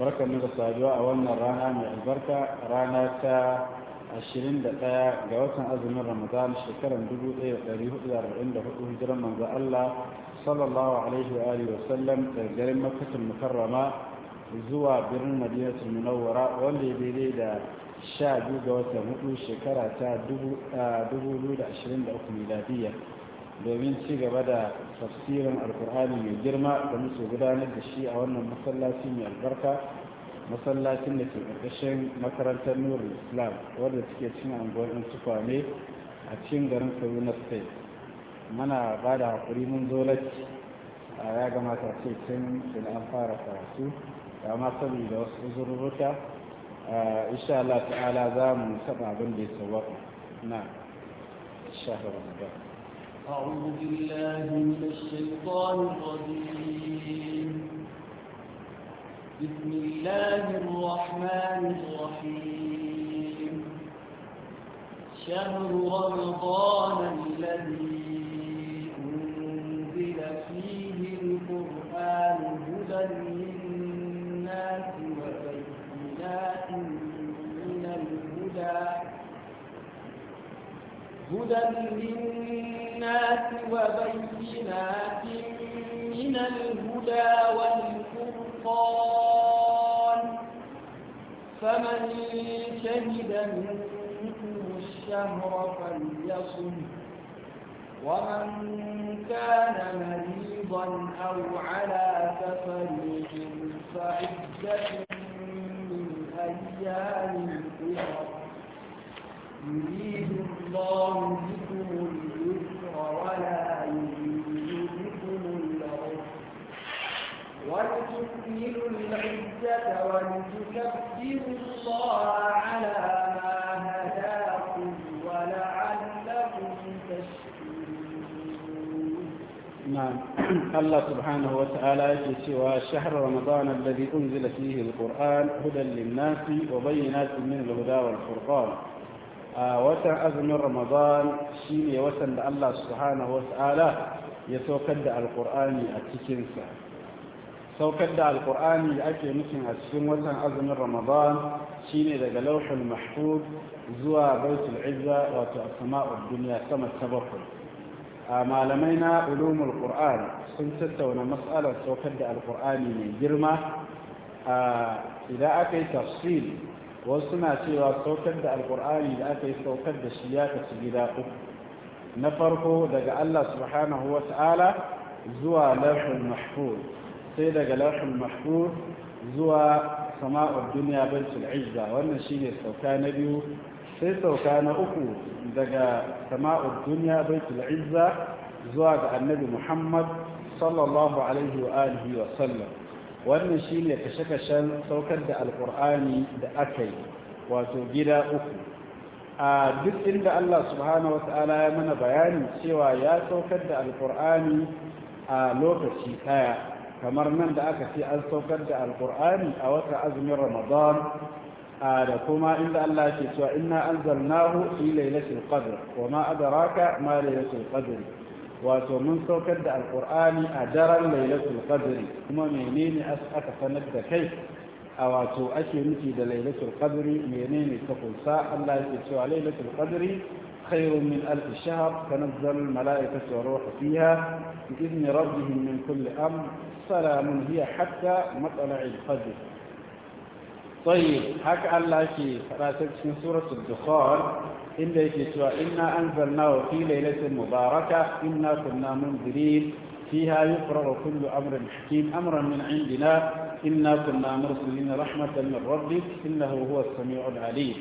barka mu da saduwa a wannan rana mai albarka rana ta 21 ga watan azumin ramadan shekarar 1444 hijiran manzo Allah sallallahu alaihi wa alihi wasallam daga garin makkatul mukarrama zuwa birnin madinatul munawwara wanda ya daidai da 12 ga watan hudu shekara ta 2023 miladiyya domin ci gaba da tafsirin alkur'ani mai girma da muke gudanar da shi a wannan masallaci mai albarka masallacin da ke ƙarƙashin makarantar nurul islam wadda suke cin anguwar in sufa ne a cikin garin kaduna state mana ba da haƙuri mun zo lacci a ya gamata ce tun da an fara karatu da ma saboda wasu uzurruka insha Allah ta'ala za mu saba abin da ya sawaka na shahar ba أعوذ بالله من الشيطان الرجيم بسم الله الرحمن الرحيم شهر رمضان الذي أنزل فيه القرآن هدى للناس وبينات من الهدى هدى للناس وبينات منكم الشهر فليصم ومن كان مريضا أو على سفر فعدة من أيام أخرى يريد الله بكم اليسر ولا يريد بكم العسر ولتكملوا العزة ولتكبروا الله على نعم الله سبحانه وتعالى يكتوى شهر رمضان الذي أنزل فيه القرآن هدى للناس وبينات من الهدى والفرقان آه وتن أزم رمضان شيني وتن الله سبحانه وتعالى يتوكد القرآن أتكنسا توكد القرآن أكي مثل أتكن وتن أزم رمضان شيني لقى لوح المحفوظ زوى بيت العزة وتأسماء الدنيا سما التبقل a malamai na ulumul qur'an sun tattauna matsalar saukar da alkur'ani mai girma idan aka yi tafsir wasu na cewa saukar da alkur'ani da aka yi saukar da shi ya kasu gida uku na farko daga Allah subhanahu wa ta'ala zuwa lafin mahfuz sai daga lafin mahfuz zuwa sama'ar duniya baitul izza wannan shine sauka na biyu sai sauka na uku daga sama'ar duniya baitul izza zuwa ga annabi muhammad sallallahu alaihi wa alihi wa sallam wannan shine kashe-kashen saukar da alkur'ani da aka yi wato gida uku a duk inda allah subhanahu ta'ala ya mana bayani cewa ya saukar da alkur'ani a lokaci ɗaya kamar nan da aka fi an saukar da alkur'ani a wata azumin ramadan هذا كما عند الله شئت وإنا أنزلناه في ليلة القدر وما أدراك ما ليلة القدر ومن سوكد القرآن أدرا ليلة القدر وما منين أسأك فنكد كيف أواتو أشي نتيد ليلة القدر منين تقول ساء الله شئت ليلة القدر خير من ألف شهر تنزل الملائكة والروح فيها بإذن ربهم من كل أمر سلام هي حتى مطلع القدر طيب حكى الله في راسك في سورة الدخان إلا يجتوى إنا أنزلناه في ليلة مباركة إنا كنا منذرين فيها يفرغ كل أمر حكيم أمرا من عندنا إنا كنا مرسلين رحمة من ربك إنه هو السميع العليم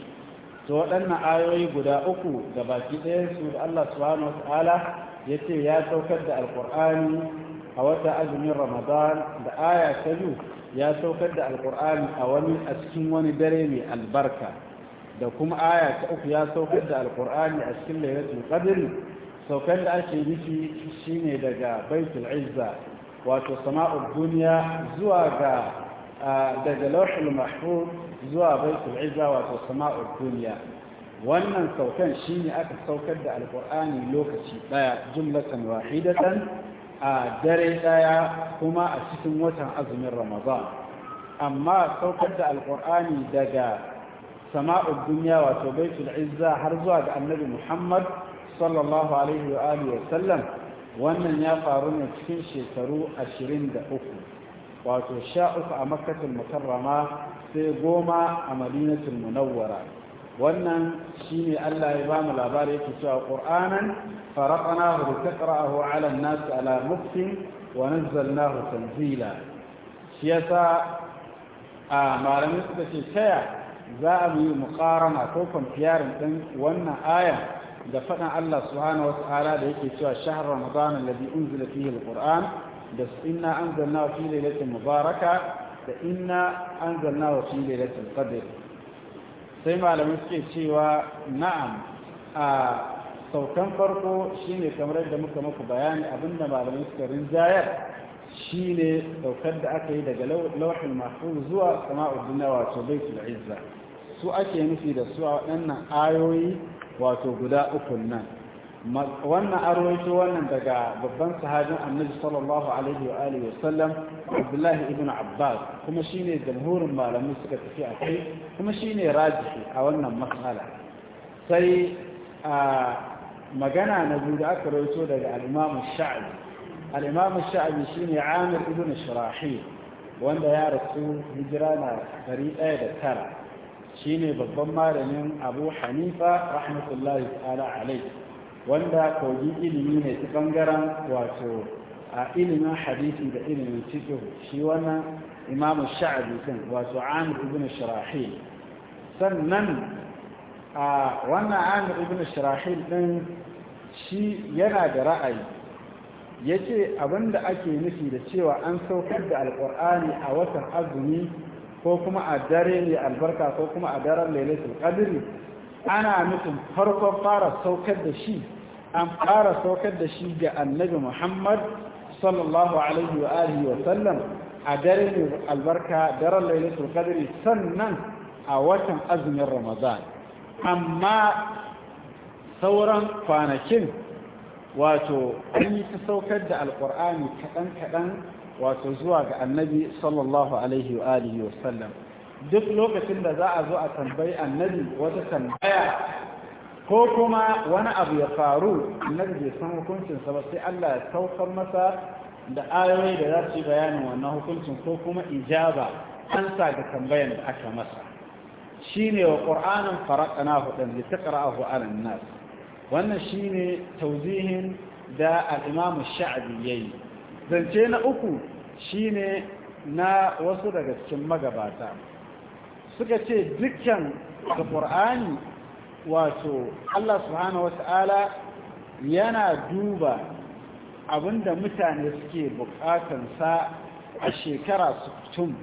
سؤالنا آيوي قداؤكو دباكي إيه سورة الله سبحانه وتعالى يتي يا توكد القرآن a wata azumin ramadan da aya ta biyu ya saukar da alkur'ani a wani a cikin wani dare mai albarka da kuma aya ta uku ya saukar da alkur'ani a cikin lailatul qadr saukar da ake nufi shine daga baitul izza wato sama'ud duniya zuwa ga daga lauhul mahfuz zuwa baitul izza wato sama'ud duniya wannan saukan shine aka saukar da alkur'ani lokaci daya jumlatan wahidatan a dare daya kuma a cikin watan azumin ramadan amma saukar da alkur'ani daga sama'ur duniya wato baitul izza har zuwa ga annabi muhammad sallallahu alaihi wa alihi sallam wannan ya faru ne cikin shekaru 23 wato sha uku a makkatul mukarrama sai goma a madinatul munawwara wannan shine Allah ya bamu labari yake cewa Qur'anan faraqnahu litaqra'ahu 'ala an-nas 'ala muktin wa nazzalnahu tanzila shi yasa a malamin suka ce taya za a yi muqarana ko fiyarin ɗin wannan aya da faɗin Allah subhanahu wa ta'ala da yake cewa shahar ramadan alladhi unzila fihi al da inna anzalnahu fi lailatin mubaraka da inna anzalnahu fi lailatul qadr sai malamin suke cewa na'am a saukan farko shine kamar yadda muka muku bayani abinda malamin suka rinjayar shine saukar da aka yi daga lauhin mahfuz zuwa sama dunya wato baitul izza su ake nufi da su a waɗannan ayoyi wato guda uku nan wannan an rawaito wannan daga babban sahabin annabi sallallahu alaihi wa alihi wa sallam abdullahi ibn abbas kuma shine jamhurin malamai suka tafi a kai kuma shine rajihi a wannan matsala sai a magana na biyu da aka rawaito daga al-imam sha'bi al-imam sha'bi shine amir ibn shirahi wanda ya rasu hijira na 109 shine babban malamin abu hanifa rahmatullahi ta'ala alaihi wanda kogi ilimi ne ta bangaren wato a ilimin hadisi da ilimin cikin shi wannan imamu sha'adu kan wato amir ibn shirahil sannan a wannan amir ibn shirahil din shi yana da ra'ayi ya ce abinda ake nufi da cewa an saukar da alƙur'ani a watan azumi ko kuma a dare ne albarka ko kuma a daren lailatul qadri ana nufin farkon fara saukar da shi an fara saukar da shi ga annabi muhammad sallallahu alaihi wa alihi wa sallam a dare albarka daren lailatul qadri sannan a watan azumin ramadan amma sauran kwanakin wato an yi ta saukar da alkur'ani kaɗan-kaɗan wato zuwa ga annabi sallallahu alaihi wa alihi wa sallam duk lokacin da za a zo a tambayi annabi wata tambaya ko kuma wani abu ya faru annabi bai san hukuncinsa ba sai Allah ya saukar masa da ayoyi da za su yi bayanin wannan hukuncin ko kuma ijaba an sa tambayan da aka masa shine wa qur'anin faraqana hu dan li taqra'ahu 'ala an-nas wannan shine tawzihin da al-imam ash-sha'bi yayi zance na uku shine na wasu daga cikin magabata suka ce dukkan da wato Allah subhanahu wata'ala yana duba abinda mutane suke bukatansa a shekara suktum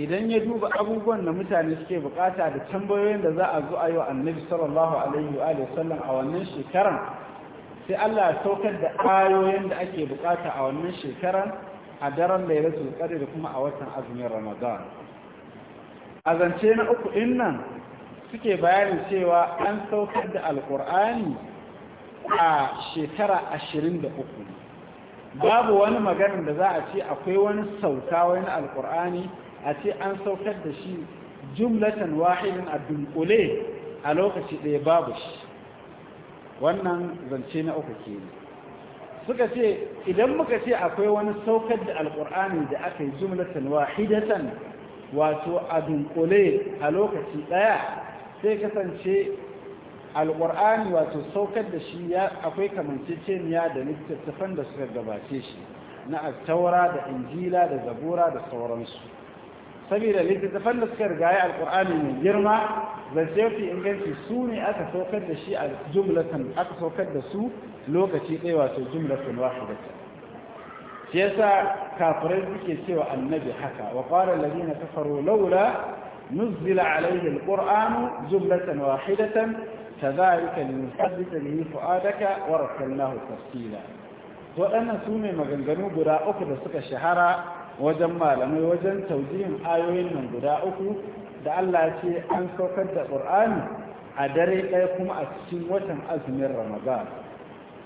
idan ya duba abubuwan da mutane suke bukata da tambayoyin da za a zo a yi wa annabi sallallahu alaihi wa sallam a wannan shekaran sai Allah ya saukar da ayoyin da ake bukata a wannan shekaran a daren da ya lailatul da kuma a watan azumin ramadan a zance na uku innan suke bayanin cewa an saukar da alkur'ani a shekara ashirin da uku babu wani maganin da za a ce akwai wani sauka wani alkur'ani a ce an saukar da shi jumlatan wahidin a dunkule a lokaci ɗaya babu shi wannan zance na uku ke suka ce idan muka ce akwai wani saukar da alkur'ani da aka yi jumlatan wahidatan wato a dunkule a lokaci ɗaya sai kasance alƙur'ani wato saukar da shi ya akwai kamanceceniya da littattafan da suka gabace shi na attaura da injila da zabura da sauransu saboda littattafan da suka rigaye alƙur'ani mai girma zazzafi inganci su ne aka saukar da shi a jumlatan aka saukar da su lokaci ɗaya wato jumlatan wahidatan shi yasa kafirai suke cewa annabi haka wa qala alladhina kafaru laula nuzila alayhi alqur'anu jumlatan wahidatan kadhalika linuthabbita bihi fu'adaka wa rattalnahu tafsila waɗannan su ne maganganu guda uku da suka shahara wajen malamai wajen taujihin ayoyin nan guda uku da Allah ce an saukar da ƙur'ani a dare ɗaya kuma a cikin watan azumin ramadan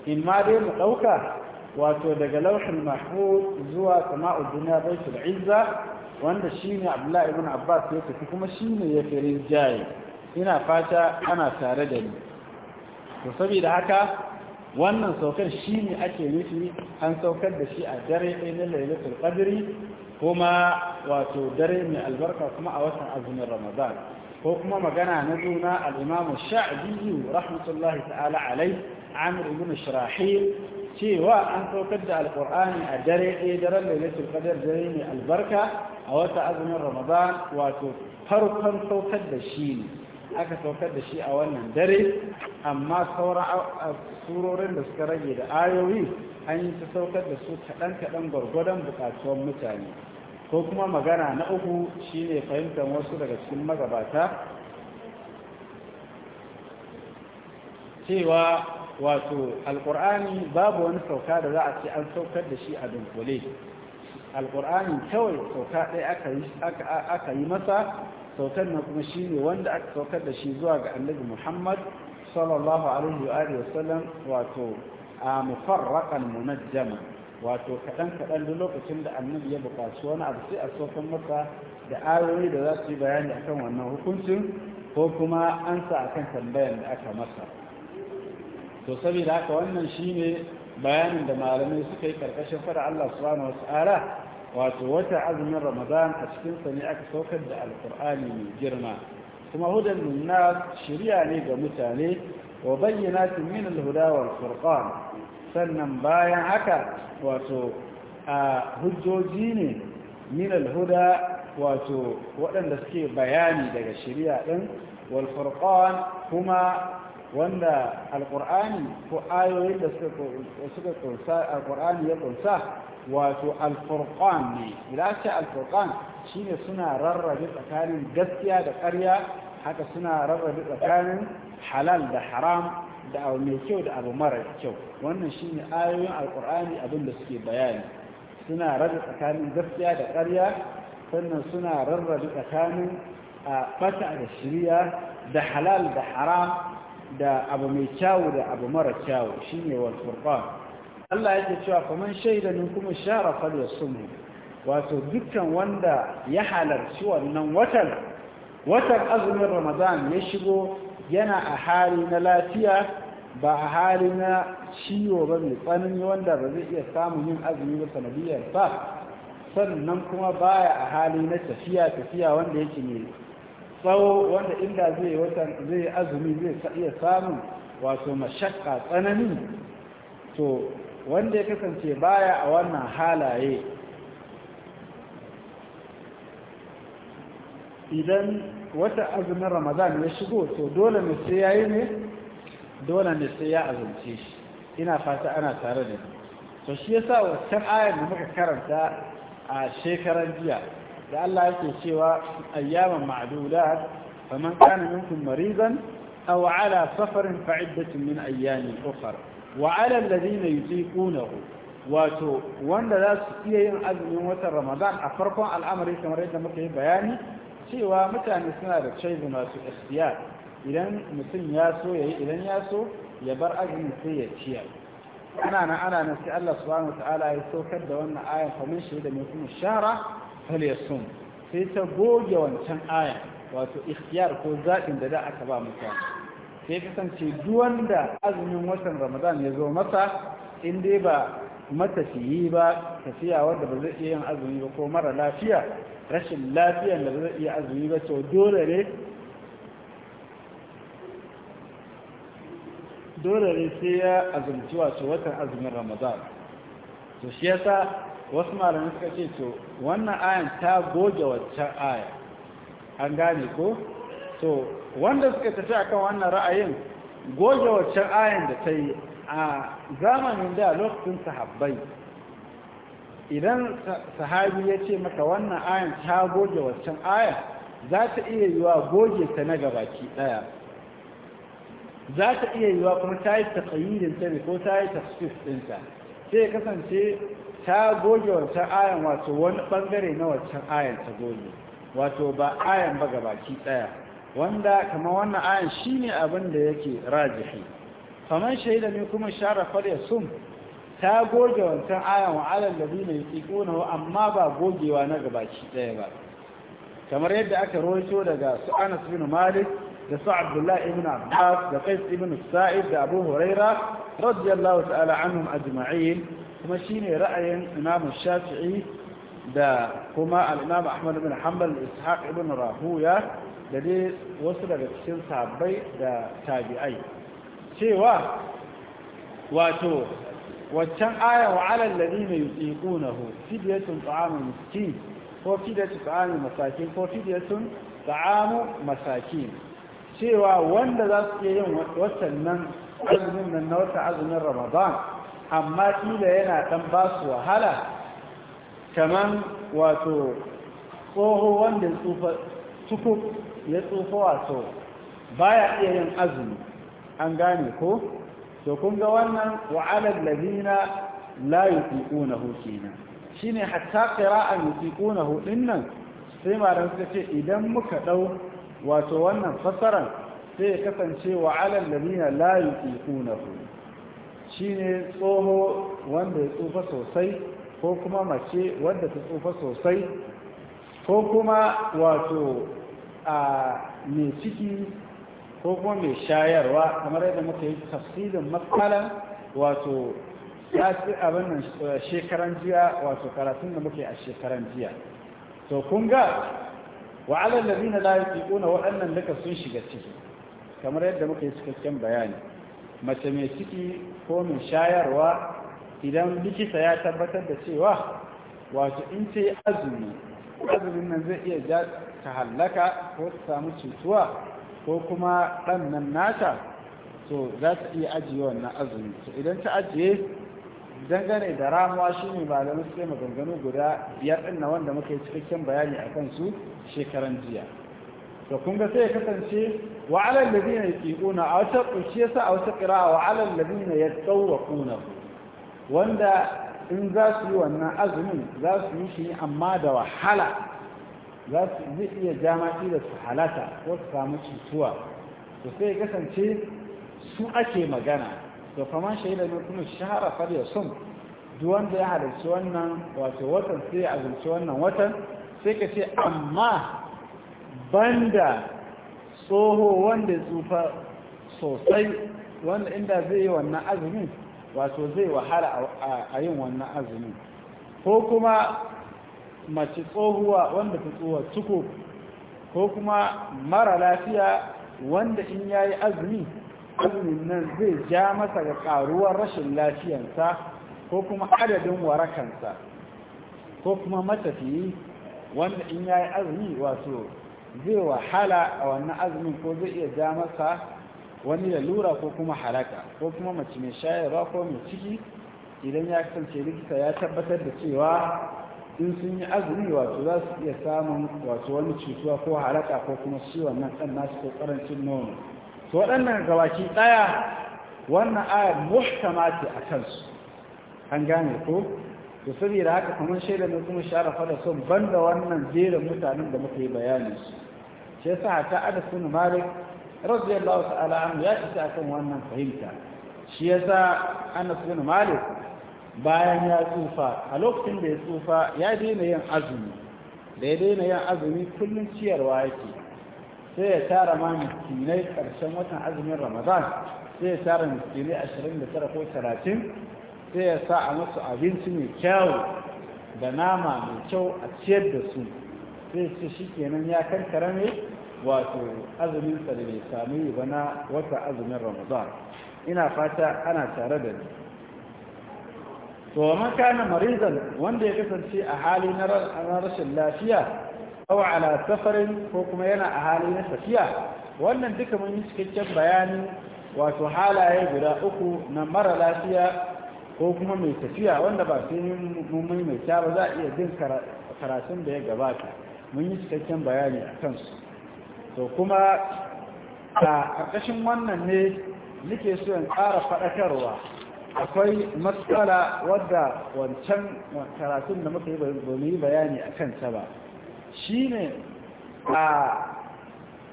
in ma dai mu ɗauka wato daga lauhin mahfuz zuwa sama'u duniya baitul izza wanda shine abdullahi ibn abbas ya tafi kuma shine ya fi ina fata ana tare da ni to saboda haka wannan saukar shine ake nufi an saukar da shi a dare ɗaya na lailatul qadri kuma wato dare mai albarka kuma a watan azumin ramadan ko kuma magana na juna al-imam sha'bi rahmatullahi ta'ala alai amir ibn shirahil cewa an saukar da alkur'ani a dare ɗaya daren yake kadar dare mai albarka a wata azumin ramadan wato farkon saukar da shi ne aka saukar da shi a wannan dare amma sauran surorin da suka rage da ayoyi an yi ta saukar da su kaɗan-kaɗan gwargwadon buƙatuwar mutane ko kuma magana na uku shine fahimtar wasu daga cikin magabata cewa wato alƙur'ani babu wani sauka da za a ce an saukar da shi a dunkule alƙur'ani kawai sauka ɗaya aka yi masa saukar na kuma shi ne wanda aka saukar da shi zuwa ga annabi muhammad sallallahu alaihi wa alihi wasallam wato a mufarraqan munajjama wato kaɗan kaɗan duk lokacin da annabi ya buƙaci wani abu sai a saukar masa da ayoyi da za su yi bayani akan wannan hukuncin ko kuma an sa akan tambayar da aka masa to saboda haka wannan shine bayanin da malamai suka yi karkashin fara Allah subhanahu wata'ala wato wata azumin Ramadan a cikin sa ne aka saukar da Alkur'ani mai girma kuma hudan linnas shiriya ne ga mutane wa bayyinatin min al-huda wal furqan sannan bayan haka wato a hujjoji ne min al-huda wato waɗanda suke bayani daga shiriya din wal furqan kuma wanda alƙur'ani ko ayoyin da suka ƙunsa alƙur'ani ya ƙunsa wato alfurqan ne idan alfurqan shine suna rarrabe tsakanin gaskiya da ƙarya haka suna rarrabe tsakanin halal da haram da abu mai kyau da abu mara kyau wannan shine ayoyin alƙur'ani abin da suke bayani suna rarrabe tsakanin gaskiya da ƙarya sannan suna rarrabe tsakanin a da shirya da halal da haram da abu mai kyawu da abu mara kyawu shine wal furqan Allah yake cewa faman shaida min kuma shara fal yasum wato dukkan wanda ya halarci wannan watan watan azumin Ramadan ya shigo yana a hali na lafiya ba a hali na ciwo ba mai tsanani wanda ba zai iya samun yin azumi ba sanadiyar ba sannan kuma baya a hali na tafiya tafiya wanda yake mai tsawo wanda inda zai watan zai azumi zai iya samun wato mashakka tsanani to wanda ya kasance baya a wannan halaye idan wata azumin ramadan ya shigo to dole ne sai yayi ne dole ne sai ya azumci shi ina fata ana tare da ni to shi yasa wata ayar da muka karanta a shekaran jiya da Allah yake cewa ayyaman ma'dudat faman kana minkum maridan aw ala safarin fa'iddatun min ayyamin ukhra wa 'ala alladhina yutiqunahu wato wanda za su iya yin azumin watan Ramadan a farkon al'amari kamar yadda muka yi bayani cewa mutane suna da choice masu ikhtiyar idan mutum ya so yayi idan ya so ya bar azumin sai ya ciya ana nan ana nan sai Allah subhanahu ya saukar da wannan ayan kamar mun da mai kuma shara. falyasum sai ta goge wancan aya wato ikhtiyar ko zaɓin da da aka ba mutane sai kasance wanda azumin watan ramadan ya zo masa in dai ba matafiyi ba tafiya wanda ba zai iya yin azumi ba ko mara lafiya rashin lafiyan da ba zai iya azumi ba to dole ne dole ne sai ya azumci wato watan azumin ramadan to shi yasa wasu malamai suka ce to wannan ayan ta goge waccan aya an gane ko to wanda suka tafi kan wannan ra'ayin goge waccan ayan da ta yi a zamanin da lokacin sahabbai idan sahabi ya ce maka wannan ayan ta goge waccan aya za ta iya yiwa goge ta na gabaki daya za ta iya yiwa kuma ta yi ta ko ta yi tafsir ɗinta sai kasance ta goge wancan ayan wato wani bangare na wancan ayan ta goge wato ba ayan ba gabaki daya wanda kamar wannan ayan shine abin da yake rajihi kamar shaida ne kuma shara farya sun ta goge wancan ayan wa alal na na amma ba gogewa na gabaki daya ba kamar yadda aka rawaito daga su Anas bin Malik da su Abdullah ibn Abbas da Qais ibn Sa'id da Abu Huraira radiyallahu ta'ala anhum ajma'in kuma shi ne ra'ayin imam shafi'i da kuma al-imam ahmad ibn hanbal ishaq ibn rahuya da dai wasu daga cikin sahabbai da tabi'ai cewa wato waccan aya wa alal ladina yutiqunahu fidyatun ta'amun miskin ko fidyatun ta'amun masakin ko fidyatun ta'amu masakin cewa wanda za su iya yin wasannan azumin nan na wata azumin ramadan amma kila yana ɗan ba su wahala kaman wato tsoho wanda ya tsufa wato baya iya yin azumi an gane ko to kun ga wannan wa'alar ladina la yutiqunahu kenan shine hatta qira'an yutiqunahu nan, sai malam suka ce idan muka ɗau wato wannan fasaran sai ya kasance wa'alar ladina la yutiqunahu shine tsoho wanda ya tsufa sosai ko kuma mace wadda ta tsufa sosai ko kuma wato a mai ciki ko kuma mai shayarwa kamar yadda muka yi tafsirin matsalan wato sati abin nan eh, shekaran jiya wato karatun da muke a shekaran jiya to kun ga alal ladina la wa waɗannan duka sun shiga ciki kamar yadda muka yi cikakken bayani mace mai ciki ko mai shayarwa idan likita ya tabbatar da cewa wato in ce azumi azumin nan zai iya ja ta hallaka ko ta samu cutuwa ko kuma ɗan nan nata to za ta iya ajiye wannan azumi to idan ta ajiye dangane da ramuwa shi shine malamai sai maganganu guda biyar ɗin na wanda muka yi cikakken bayani a kansu shekaran jiya to kun ga sai ya kasance wa ala alladhina yaqiquna a wata shi yasa a wata qira'a wa ya alladhina yatawaquna wanda in za su yi wannan azumin za su yi shi amma da wahala za su yi iya jama'i da su halata ko su samu cutuwa to sai kasance su ake magana to kamar shaida ne kuma shahara far ya sun duk wanda ya halarci wannan wato watan sai ya azumci wannan watan sai ka ce amma banda tsoho wanda tsufa sosai wanda inda zai yi wannan azumin wato zai wahala a yin wannan azumin ko kuma mace tsohuwa wanda ta tsohuwa tuko ko kuma mara lafiya wanda in ya yi azumi azumin nan zai ja masa ga karuwar rashin lafiyansa ko kuma adadin warakansa ko kuma matafiyi wanda in ya yi azumi wato zai wahala a wannan azumin ko zai iya ja masa wani lalura ko kuma halaka ko kuma mace mai shayarwa ko mai ciki idan ya kasance likita ya tabbatar da cewa in sun yi azumi wato za su iya samun wato wani cutuwa ko halaka ko kuma shi wannan ɗan nasu ko ƙarancin nono to waɗannan gabaki ɗaya wannan ayar muhkama ce a kansu an gane ko to saboda haka kamar shaida ne kuma share fada son banda wannan jerin mutanen da muka yi bayani su shi sa ta ada bin Malik radiyallahu ta'ala an ya isa akan wannan fahimta shi yasa Ana bin Malik bayan ya tsufa a lokacin da ya tsufa ya daina yin azumi da ya daina yin azumi kullum ciyarwa yake sai ya tara ma miskinai karshen watan azumin Ramadan sai ya tara ashirin da tara ko talatin sai ya sa a masu abinci mai kyau da nama mai kyau a ciyar da su sai ce shi kenan ya kankara ne wato azumin sa da bai sami yi ba na wata azumin ramadan ina fata ana tare da ni to amma kana marizan wanda ya kasance a hali na rashin lafiya au ala safarin ko kuma yana a hali na tafiya wannan duka mun yi cikakken bayanin wato halaye guda uku na mara lafiya ko kuma mai tafiya wanda ba sai mun maimaita ba za a iya jin karatun da ya gabata mun yi cikakken bayani a kansu to kuma a ƙarƙashin wannan ne nake so in ƙara faɗakarwa akwai matsala wadda wancan karatun da muka yi bayani a kansa ba ne a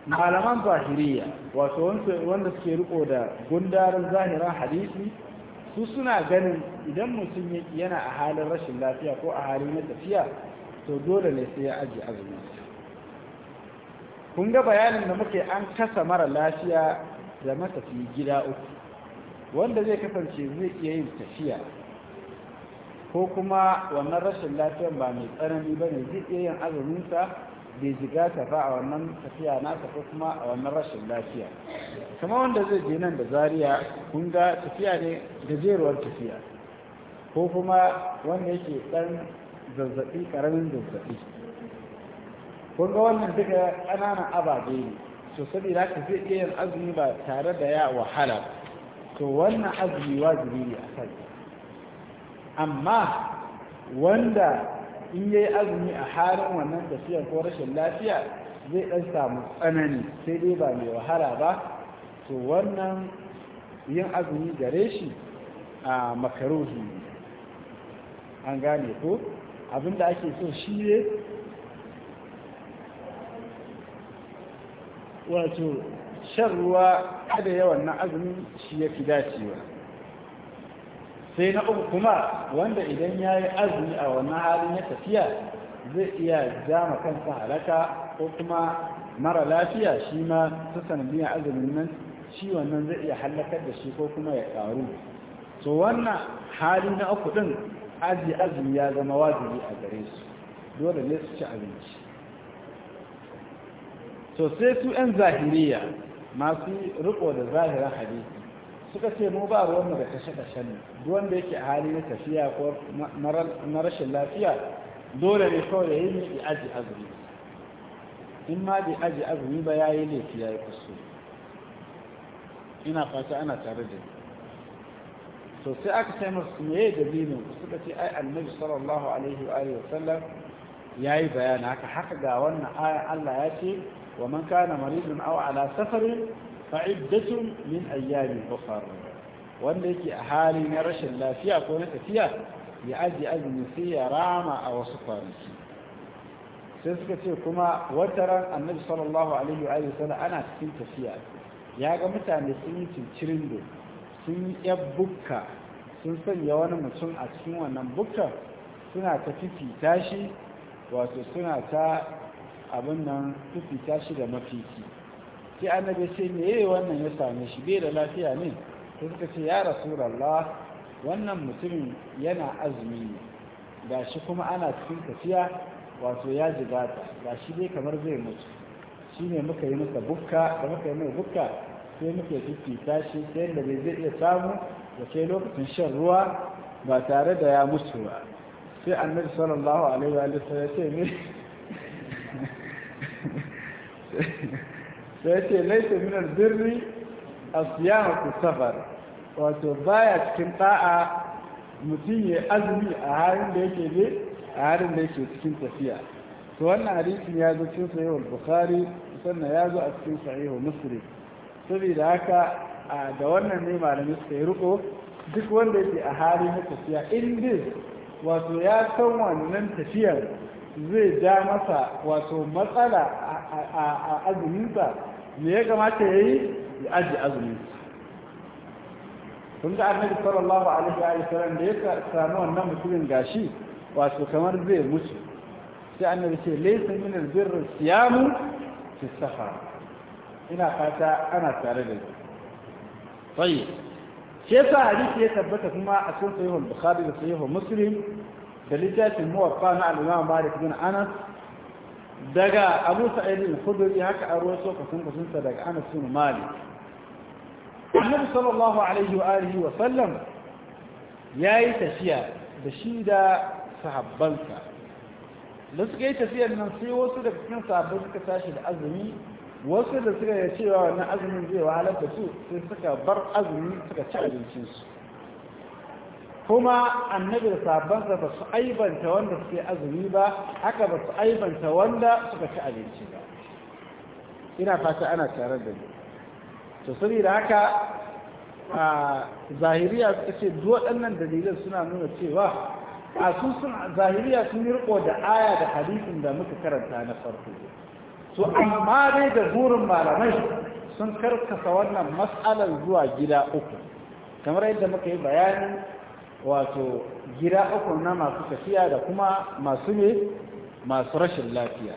malaman zahiriya wato wanda suke riko da gundarin zahiran hadisi su suna ganin idan mutum yana a halin rashin lafiya ko a halin na tafiya to dole ne sai ya ajiye azumin kun ga bayanin da muke an kasa mara lafiya da matafi gida uku wanda zai kasance zai iya yin tafiya ko kuma wannan rashin lafiyan ba mai tsanani ba ne zai iya yin azuminsa bai jiga ta ba a wannan tafiya nasa ko kuma a wannan rashin lafiya kamar wanda zai je nan da zariya kun ga tafiya ne gajeruwar tafiya ko kuma wanda yake dan zazzabi karamin zazzabi kun ga wannan duka ƙananan ababe ne to saboda ka zai iya yin azumi ba tare da ya wahala to wannan azumi wajibi ne a kai amma wanda in ya yi azumi a halin wannan tafiyar ko rashin lafiya zai ɗan samu tsanani sai dai ba mai wahala ba to wannan yin azumi gare shi a makaruhi an gane ko abinda ake so shi ne wato shan ruwa kada yawan na azumi shi ya fi dacewa sai na uku kuma wanda idan ya yi azumi a wannan halin na tafiya zai iya jama kansa halaka ko kuma mara lafiya shi ma su sanadiyar azumin nan shi wannan zai iya halakar da shi ko kuma ya karu to wannan hali na uku din aji azumi ya zama wajibi a gare su dole ne su ci abinci to sai su 'yan zahiriya masu riko da zahirar hadisi suka ce mu ba ruwanmu da kashe-kashen duk wanda yake a hali na tafiya ko na rashin lafiya dole ne kawai ya yi ne ya aji azumi in ma bai aji azumi ba ya yi laifi ya yi kusu ina fata ana tare da to sai aka sai masu me ya dalilin suka ce ai annabi sallallahu alaihi wa sallam ya yi bayana haka haka ga wannan ayan Allah ya ce wa man kana maridun aw ala safarin fa'iddatun min ayyami faru. wanda yake a hali na rashin lafiya ko na tafiya ya aji azumi sai ya rama a wasu kwanaki sai suka ce kuma wata ran annabi sallallahu alaihi wa sallam ana cikin tafiya ya ga mutane sun yi cincirin da sun yi bukka sun sanya wani mutum a cikin wannan bukka suna ta fifi shi wato suna ta abin nan fifi shi da mafiki sai annabi ce me yayi wannan ya same shi bai da lafiya ne sai suka ce ya rasulullah wannan mutumin yana azumi ne gashi kuma ana cikin tafiya wato ya jigata gashi dai kamar zai mutu shine muka yi masa bukka da muka yi masa bukka sai muke fifita shi ta yadda bai zai iya samu da sai lokacin shan ruwa ba tare da ya mutu ba sai annabi sallallahu alaihi wa sallam ya ce ne sai ya ce laisa minar birri a siyaha ku safar wato baya cikin ɗa'a mutum ya azumi a harin da yake ne a harin da yake cikin tafiya to wannan hadisin ya zo cikin sahihul bukhari sannan ya zo a cikin sahihul muslim saboda haka da wannan ne malami suka yi duk wanda yake a hali na tafiya in wato ya san wannan tafiyar zai ja masa wato matsala a azuminsa me ya kamata ya yi ya aji azumi kun da annabi sallallahu alaihi wa sallam da ya samu wannan mutumin gashi wato kamar zai mutu sai annabi ce laysa min albirr siyamu fi safar ina fata ana tare da ni tayyib shi sa hadisi ya tabbata kuma a cikin sahihul bukhari da sahihul muslim da littafin muwaffa na al-imam malik bin anas daga abu sa'id al haka a ruwa soka sun kusun sa daga anas bin malik annabi sallallahu alaihi wa alihi wa sallam yayi tafiya da shi da sahabbansa da suka yi tafiyar nan sai wasu daga cikin sahabbai suka tashi da azumi wasu da suka yi cewa wannan azumin zai wahalar da su sai suka bar azumi suka ci abincinsu kuma annabi da sabansa ba su aibanta wanda suke azumi ba haka ba su aibanta wanda suka ci abinci ba ina fata ana tare da ni to saboda haka a zahiriya suka ce waɗannan dalilan suna nuna cewa a su sun zahiriya sun yi riko da aya da hadisin da muka karanta na farko to amma dai da burin malamai sun karkasa wannan mas'alar zuwa gida uku kamar yadda muka yi bayani. wato gida uku na masu tafiya da kuma masu ne masu rashin lafiya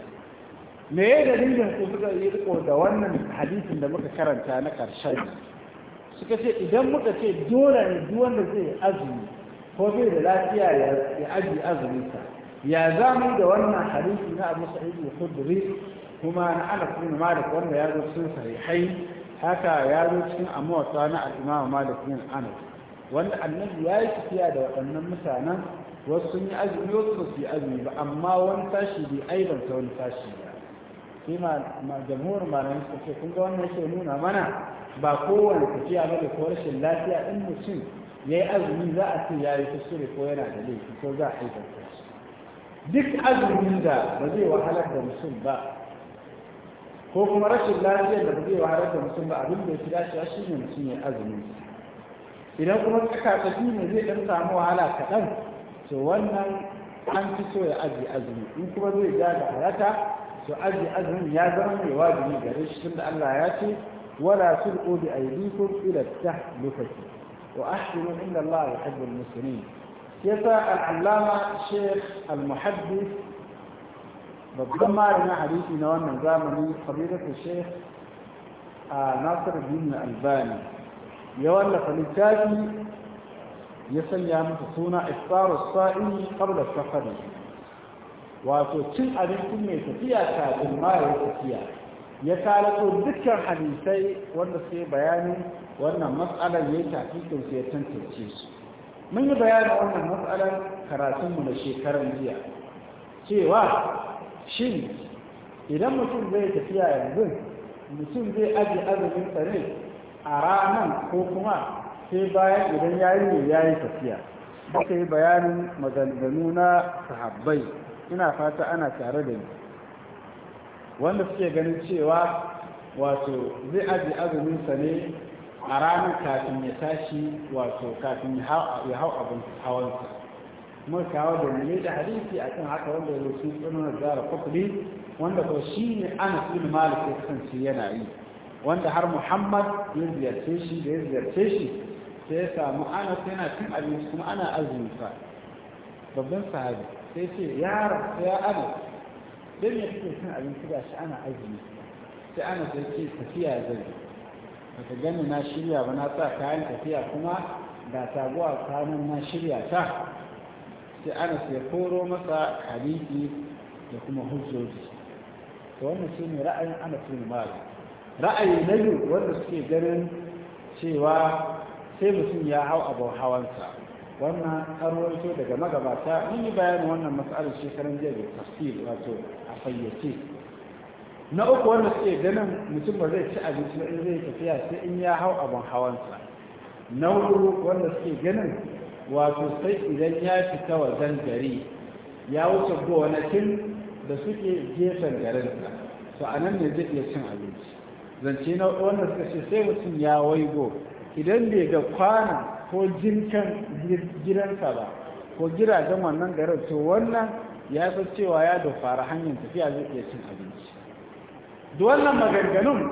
me ya dalilin su suka yi riko da wannan hadisin da muka karanta na ƙarshen suka ce idan muka ce dole ne duk wanda zai azumi ko bai da lafiya ya aji azuminsa ya mu da wannan hadisi na Abu Sa'id al-Khudri kuma na ana kuma Malik wanda ya zo cikin sahihai haka ya zo cikin amwata na al-Imam Malik bin Anas wanda annabi ya yi tafiya da waɗannan mutanen wasu sun yi azumi wasu ba su yi azumi ba amma wani tashi bai ta wani tashi ba sai ma jamhur malamai suka ce kun ga wannan yake nuna mana ba kowane tafiya ba da ko rashin lafiya in mutum ya yi azumi za a ce ya yi kuskure ko yana da laifi ko za a ta shi duk azumin da ba zai wahalar da mutum ba ko kuma rashin lafiyar da ba zai wahalar da mutum ba abin da ya fi dacewa shi ne mutum ya azumi idan kuma suka tsaki ne zai dan samu wahala kaɗan to wannan an fi so ya aji azumi in kuma zai ja da harata to aji azumin ya zama mai wajibi gare shi tunda Allah ya ce wala sulqu bi aydikum ila tahlukati wa ahsinu inna Allah yuhibbul muslimin yasa al-allama sheikh al-muhaddith babban malamin hadisi na wannan zamani fadilatu sheikh a nasir bin albani ya wallafa littafi ya sanya masa suna iftarus sa'in qabla safari wato cin abincin mai tafiya kafin ma ya tafiya ya kalato dukkan hadisai wanda sai bayanin wannan matsalar ya tafi kinsu ya tantance su mun yi bayanin wannan matsalar karatunmu na shekaran jiya cewa shin idan mutum zai tafiya yanzu mutum zai ajiye azumin tsare a ranar ko kuma sai bayan idan ya yi ne ya yi tafiya muka yi bayanin maganganu na sahabbai ina fata ana tare da ni wanda suke ganin cewa wato zai aji azuminsa ne a ranar kafin ya tashi wato kafin ya hau abin hawansa mun kawo da ne da hadisi a kan haka wanda ya rusu tsunan zara kufri wanda ko shi ne ana ibn malik ya kasance yana yi wanda har muhammad ya ziyarce shi da ya ziyarce shi sai ya samu ana yana cin abinci kuma ana azumi fa babban sahabi sai ce ya ya ana dan ya kike cin abinci ga shi ana azumi sai ana sai ce tafiya zai baka gani na shirya ba na sa kayan tafiya kuma da taguwa kanun na shirya ta sai ana sai koro masa hadisi da kuma hujjoji to wannan ne ra'ayin ana bin malik ra'ayi na biyu wanda suke ganin cewa sai mutum ya hau abin hawansa wannan an daga magabata mun yi bayanin wannan matsalar shekaran jiya da tafsir wato a fayyace na uku wanda suke ganin mutum ba zai ci abinci ba in zai tafiya sai in ya hau abin hawansa na hudu wanda suke ganin wato sai idan ya fita wajen gari ya wuce gonakin da suke gefen garinsa to a nan ne zai iya cin abinci zance na wanda suka ce sai mutum ya waigo idan bai ga kwana ko jinkan gidansa ba ko gidajen wannan garin to wannan ya san cewa ya fara hanyar tafiya zai iya cin abinci da wannan maganganun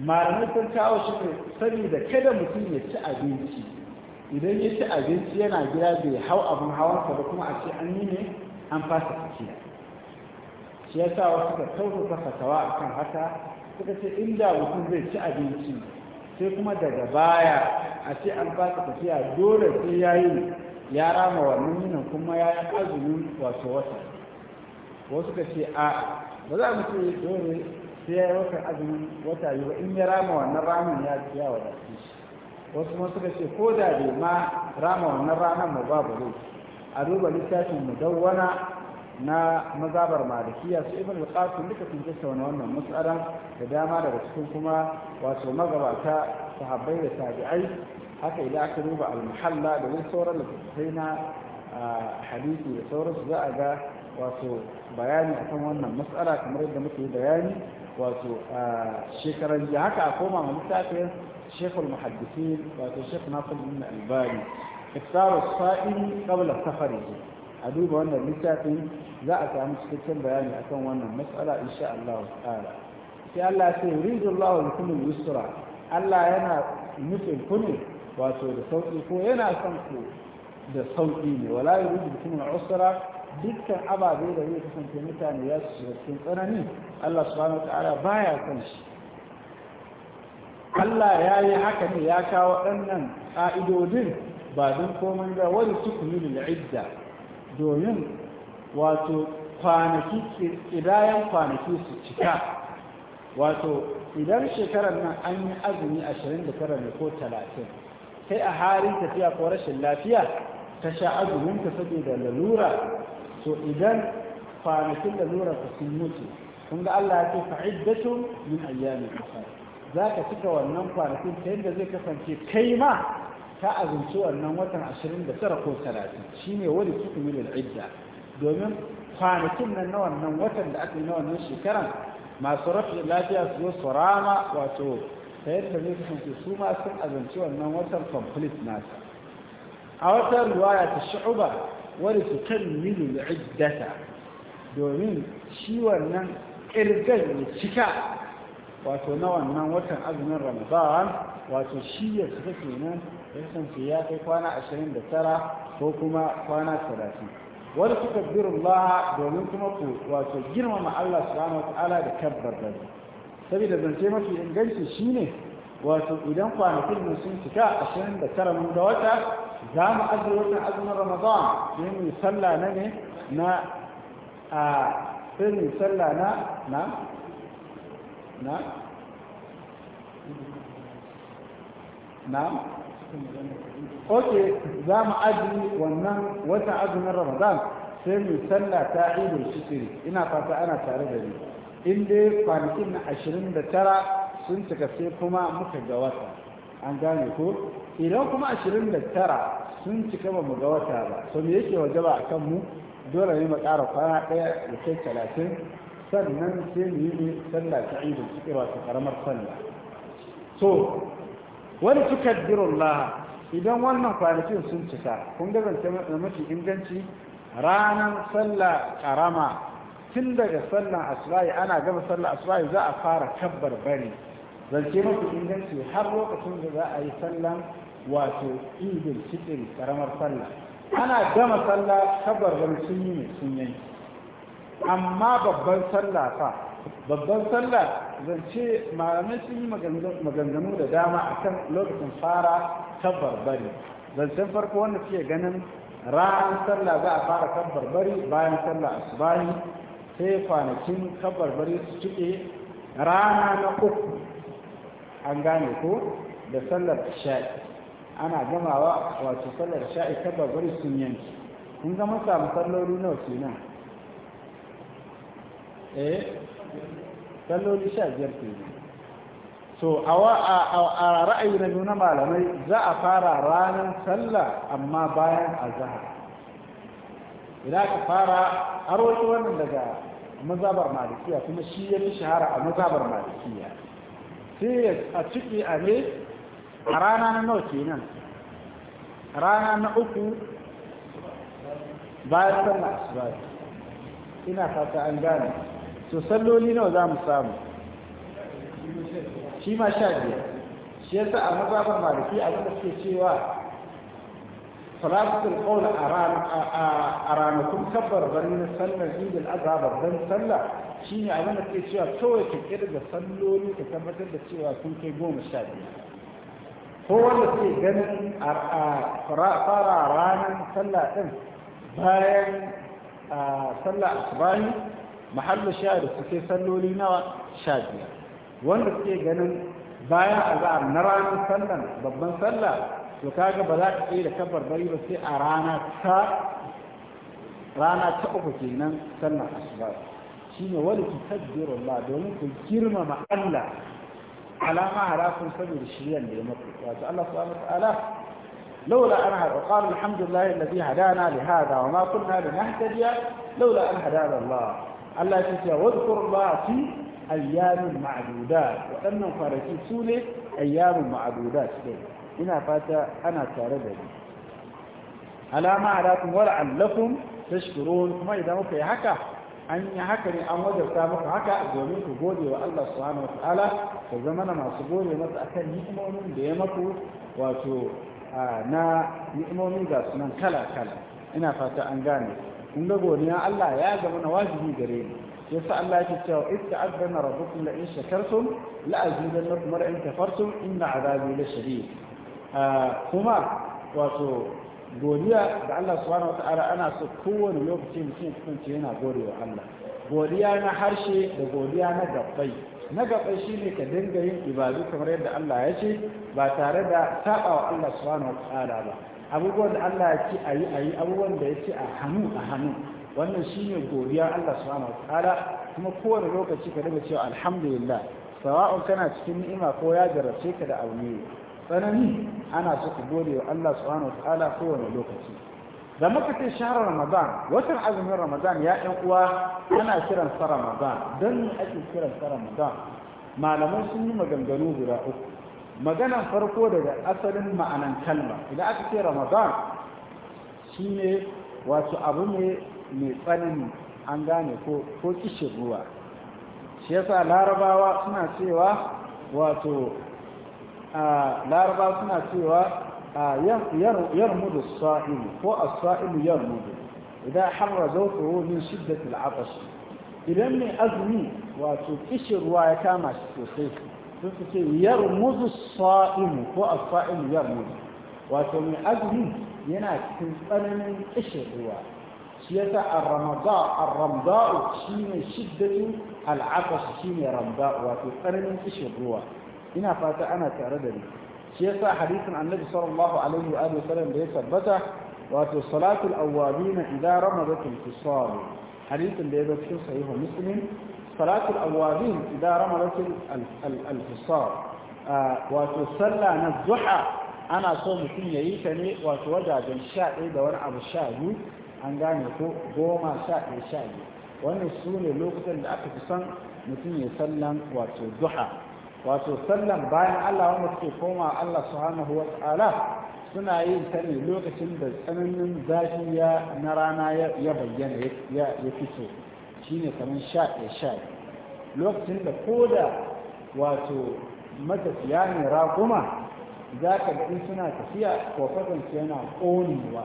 malamai sun kawo shi ne da kada mutum ya ci abinci idan ya ci abinci yana gida bai hau abin hawansa ba kuma a ce an yi ne an fasa tafiya shi ya sa wasu ka kyautata fatawa akan haka suka ce inda mutum zai ci abinci sai kuma daga baya a ce an fasa tafiya dole sai ya yi ya rama wannan yinan kuma ya yi azumin wato wata wasu ka ce a ba za mu ce dole sai ya yi wata azumin wata yi ba in ya rama wannan ramin ya ci ya wadace shi wasu ma suka ce ko da bai ma rama wannan ranar mu babu rai a duba littafin mu dawwana na mazabar malikiya su ibn al-qasim duka sun tattauna wannan mas'alan da dama daga cikin kuma wato magabata sahabbai da tabi'ai haka idan aka duba al-muhalla da wani sauran littattafai na hadisi da sauransu za a ga wato bayani akan wannan mas'ala kamar yadda muke bayani wato shekaran jiya haka a koma mu littafin shekul muhaddisin wato shekul nasir ibn albani iftaru sa'in qabla safarihi a duba wannan littafin za a samu cikakken bayani akan wannan matsala insha Allah ta'ala sai Allah ya ce yuridullahu lakum yusra Allah yana nufin ku ne wato da sauki ko yana son ku da sauki ne wala yuridu lakum usra dukkan ababe da zai kasance mutane ya su shiga cikin tsanani Allah subhanahu ta'ala baya son shi Allah ya yi haka ne ya kawo waɗannan ƙa'idodin ba don komai ba wani tukuni lil'idda domin wato kwanaki idayen kwanaki su cika wato idan shekarar nan an yi azumi 29 ne ko 30 sai a halin tafiya ko rashin lafiya ta sha azumin ta saboda lalura to idan kwanakin lalura ta sun mutu kun ga Allah ya ce fa'iddatu min ayyami za ka cika wannan kwanakin ta yadda zai kasance kai ma ta azumci wannan watan 29 ko 30 shine wani tukmilul idda domin kwanakin nan na wannan watan da aka yi na wannan shekaran masu rafi lafiya su yi rama wato ta yadda zai kasance su ma sun azumci wannan watan complete nasa a wata ruwaya ta shu'uba wani su kan milu iddata domin shi wannan ƙirgan ya cika wato na wannan watan azumin ramadan wato shi ya cika kenan ya kasance ya kai kwana ashirin da tara ko kuma kwana talatin wani suka birin laha domin kuma ku wato girmama allah subhanahu wa ta'ala da kabbar da saboda zance mafi inganci shine wato idan kwanakin mun sun cika ashirin da tara mun ga wata za mu ajiye watan azumin ramadan sai mu yi sallah na ne na a sai mu yi sallah na na ok zamu ajiye wannan watan azumin ramadan sai mu salla ta idul fitri ina fata ana tare da ni in dai kwanakin na ashirin da tara sun cika sai kuma muka ga wata an gane ko idan kuma ashirin da tara sun cika ba mu ga wata ba so me yake wajaba a mu? dole ne mu ƙara kwana ɗaya da kai talatin sannan sai mu yi sallah ta idul fitr wato karamar sallah to wani tukaddirullah idan wannan kwanakin sun cika kun ga zance mafi inganci ranar sallah karama tun daga sallar asrai ana gama sallar asrai za a fara kabbar bari zance mafi inganci har lokacin da za a yi sallar wato idul fitr karamar sallah ana gama sallah kabbar bari sun yi ne sun yanki amma babban sallah fa babban sallah zan ce malamai sun yi maganganu da dama a kan lokacin fara tabbar bari zancen farko wanda suke ganin ranar sallah za a fara kabbar bari bayan sallah asubahi sai kwanakin kabbar bari su cike rana na uku an gane ko da sallar sha'i ana gamawa wato sallar sha'i kabbar bari sun yanki kun zama samu salloli nawa kenan eh salloli sha biyar ke so a ra'ayi na nuna malamai za a fara ranar sallah amma bayan azahar idan ka fara har wasu wannan daga mazabar malikiya kuma shi ya fi shahara a mazabar malikiya sai a ciki a ne a rana na nawa kenan rana na uku bayan sallah ina fata an gane to salloli nawa za mu samu shi ma sha biyar shi yasa a mazabar maliki a da suke cewa salatul qawl a ranakun kabbar na sallar idil azha babban sallah shine abin da ke cewa kawai ka kirga salloli ka tabbatar da cewa sun kai goma sha biyar ko wanda suke ganin fara ranar sallah din bayan sallah asubahi mahallu shahada suke salloli nawa sha biyar wanda suke ganin bayan azhar na ranar sallan babban sallah to kaga ba za ka tsaye da kabar bari ba sai a rana ta rana ta uku kenan sallan asuba shine wani ki tabbiru Allah domin ku girmama Allah alama harafin saboda shiryan da ya muku wato Allah subhanahu wa ta'ala لولا أن قال الحمد لله الذي هدانا لهذا وما كنا لنهتدي لولا أن هدانا الله Allah ya ce wasu ba fi ayyamin ma'aduda, waɗannan kwanaki su ne ayyamin ma'aduda. su ina fata ana tare da ni alama alakum wa la'allakum tashkurun kuma idan muka yi haka an yi haka ne an wajarta muku haka domin ku gode wa Allah subhanahu wataala ku zama na masu gode masa akan ni'imomin da ya maku wato na ni'imomin ga sunan kala kala ina fata an gane kun ga godiya Allah ya zama na wajibi gare ni yasa Allah yake cewa ista'adana rabbukum la in shakartum la azidannakum wa in kafartum inna azabi la shadid ah, kuma wato godiya da Allah subhanahu wata'ala ana so kowane lokaci mutum kasance yana wa Allah godiya na harshe da godiya na gabbai na gabbai shine ka dinga yin ibadu kamar yadda Allah ya ce ba tare da saba wa Allah subhanahu wata'ala ba abubuwan da Allah ya ce a yi a yi abubuwan da ya ce a hannu a hannu wannan shine godiya Allah subhanahu wataala kuma kowane lokaci ka daga cewa alhamdulillah sawa'un kana cikin ni'ima ko ya jarrace ka da abu ne tsanani ana so ku gode wa Allah subhanahu wataala kowane lokaci da muka ce ramadan watan azumin ramadan ya ɗan uwa ana kiran sa ramadan don ne ake kiran sa ramadan malamai sun yi maganganu guda uku maganan farko daga asalin ma'anan kalma idan aka ce ramadan shi ne wato abu ne mai tsanani an gane ko kishin ruwa shi yasa larabawa suna cewa wato larabawa suna cewa yar yarmudu sa'ilu ko as-sa'ilu yarmudu idan harra zawtuhu min shiddati al-'atash idan mai azumi wato kishin ruwa ya kama shi sosai sun su ce yarmuzu sa'imu ko as-sa'imu yarmuzu wato mai azumi yana cikin tsananin kishin ruwa shi yasa ar-ramada ar-ramda'u shine shiddatu al-'atash shine ramda'u wato tsananin kishin ruwa ina fata ana tare da ni shi yasa hadisin annabi sallallahu alaihi wa sallam da ya tabbata wato salatul awwabin idza ramadat al-fisal hadisin da ya zo cikin sahihu muslim salatul awabin idan ramalatin alfisar ah, wato sallah na duha ana so mutum ya yi ta ne wato wajajen sha da wani abu sha biyu an gane ko goma sha ɗaya sha biyu wannan da aka fi son mutum ya sallan wato duha wato sallar bayan Allah wanda suke koma Allah subhanahu wa ta'ala suna yin ta ne lokacin da tsananin zafi ya na rana ya bayyana ya fito shine kamar sha ɗaya sha lokacin da ko da wato matafiya ne raƙuma za ka in suna tafiya ko kasance yana ƙonewa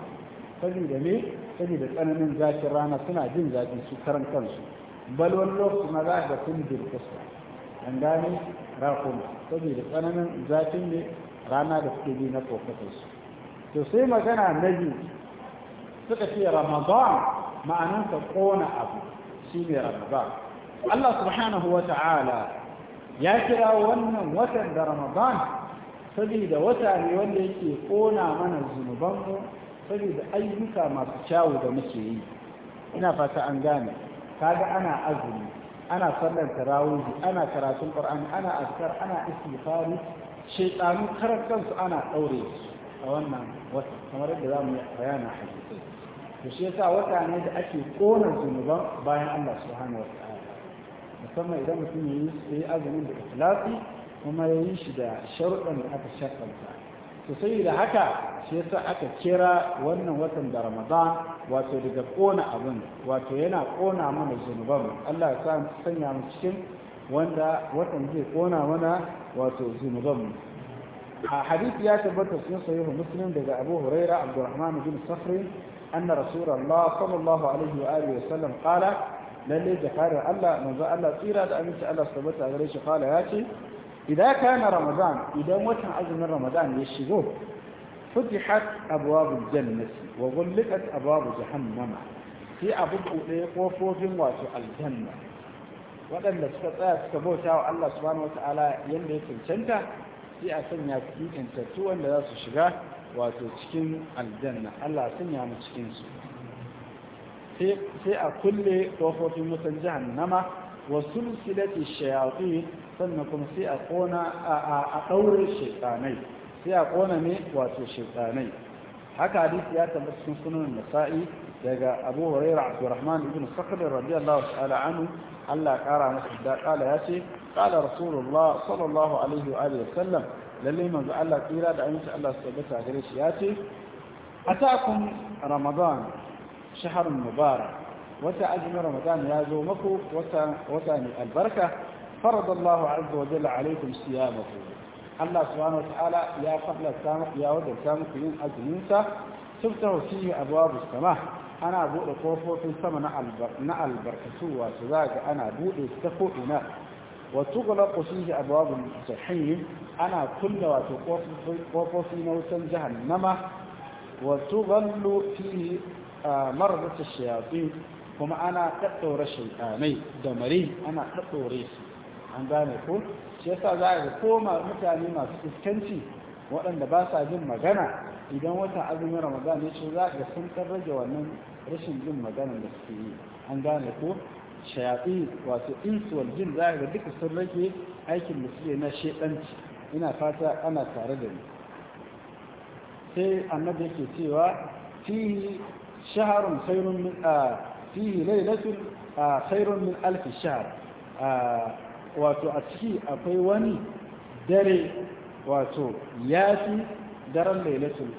saboda me saboda tsananin zafin rana suna jin zafin su karan kansu bal wani lokaci ma za ga sun durkusa an gane raƙuma saboda tsananin zafin ne rana da suke bi na kofatarsu to sai magana na biyu suka ce ramadan ma'anansa ƙona abu shi ne ramadan Allah subhanahu wa ta'ala ya kira wannan watan da ramadan saboda wata ne wanda yake kona mana zunubanmu saboda ayyuka masu kyawu da muke yi ina fata an gane kaga ana azumi ana sallar tarawih ana karatun qur'ani ana azkar ana istighfari shaytanu karar kansu ana daure su a wannan wata kamar yadda zamu yi a hadisi to shi yasa wata ne da ake kona zunuban bayan Allah subhanahu wa ta'ala musamman idan mutum ya yi azumin da ikhlasi kuma ya yi shi da sharuɗan da aka sharɗanta to sai da haka shi yasa aka kira wannan watan da Ramadan wato daga kona abin wato yana kona mana zunuban Allah ya sa sanya mu cikin wanda watan zai kona mana wato zunuban a hadisi ya tabbata sun sayi muslim daga abu huraira abdurrahman bin safri anna rasulullah sallallahu alaihi wa alihi wasallam lalle jakarar Allah manzo Allah tsira da aminci Allah subhanahu gare shi qala ya ce idan kana ramadan idan watan azumin ramadan ya shigo futihat abwabul jannati wa ghulqat abwabu jahannama sai abu bude kofofin wato aljanna waɗanda suka tsaya suka bauta wa Allah subhanahu wataala yanda ya cancanta sai a sanya su cancantu wanda za su shiga wato cikin aljanna Allah ya mu cikin su sai a kulle kofofin wutan jahannama wa sulsilati shayatin sannan kuma sai a kona a daure shaytanai sai a kona ne wato shaytanai haka hadisi ya tabbata cikin sunan nasa'i daga Abu Hurairah Abdurrahman ibn Sakhr radiyallahu ta'ala anhu Allah ya kara masa da kala yace qala rasulullah sallallahu alaihi wa alihi wa sallam lallai manzo Allah tsira da aminci Allah su tabbata gare shi ya ce atakum ramadan shahrun mubarak wata azumin ramadan ya zo maku wata wata ne albarka farada Allah azza wa jalla alaikum siyamakum Allah subhanahu wa ta'ala ya farla muku ya wadanta muku yin azumin sa tuftahu a babu sama ana buɗe kofofin sama na albarkatu wato za ga ana buɗe ta ina. وتغلق فيه أبواب الجحيم أنا كل وتقوفي موتا جهنم وتغل فيه مرضة الشياطين كما أنا تطور الشيطاني دمري أنا تطور an gane ko shi yasa za a koma mutane masu fuskanci waɗanda ba sa jin magana idan wata azumin ramadan ya ce za ga sun rage wannan rashin jin magana da suke yi an gane ko shayaɗi wato insu wal jin za ga duka sun rage aikin da suke na shedanci ina fata ana tare da ni sai annabi yake cewa fihi shaharun khairun min fihi lailatun khairun min alf shahr wato a ciki akwai wani dare wato yafi daren lailatul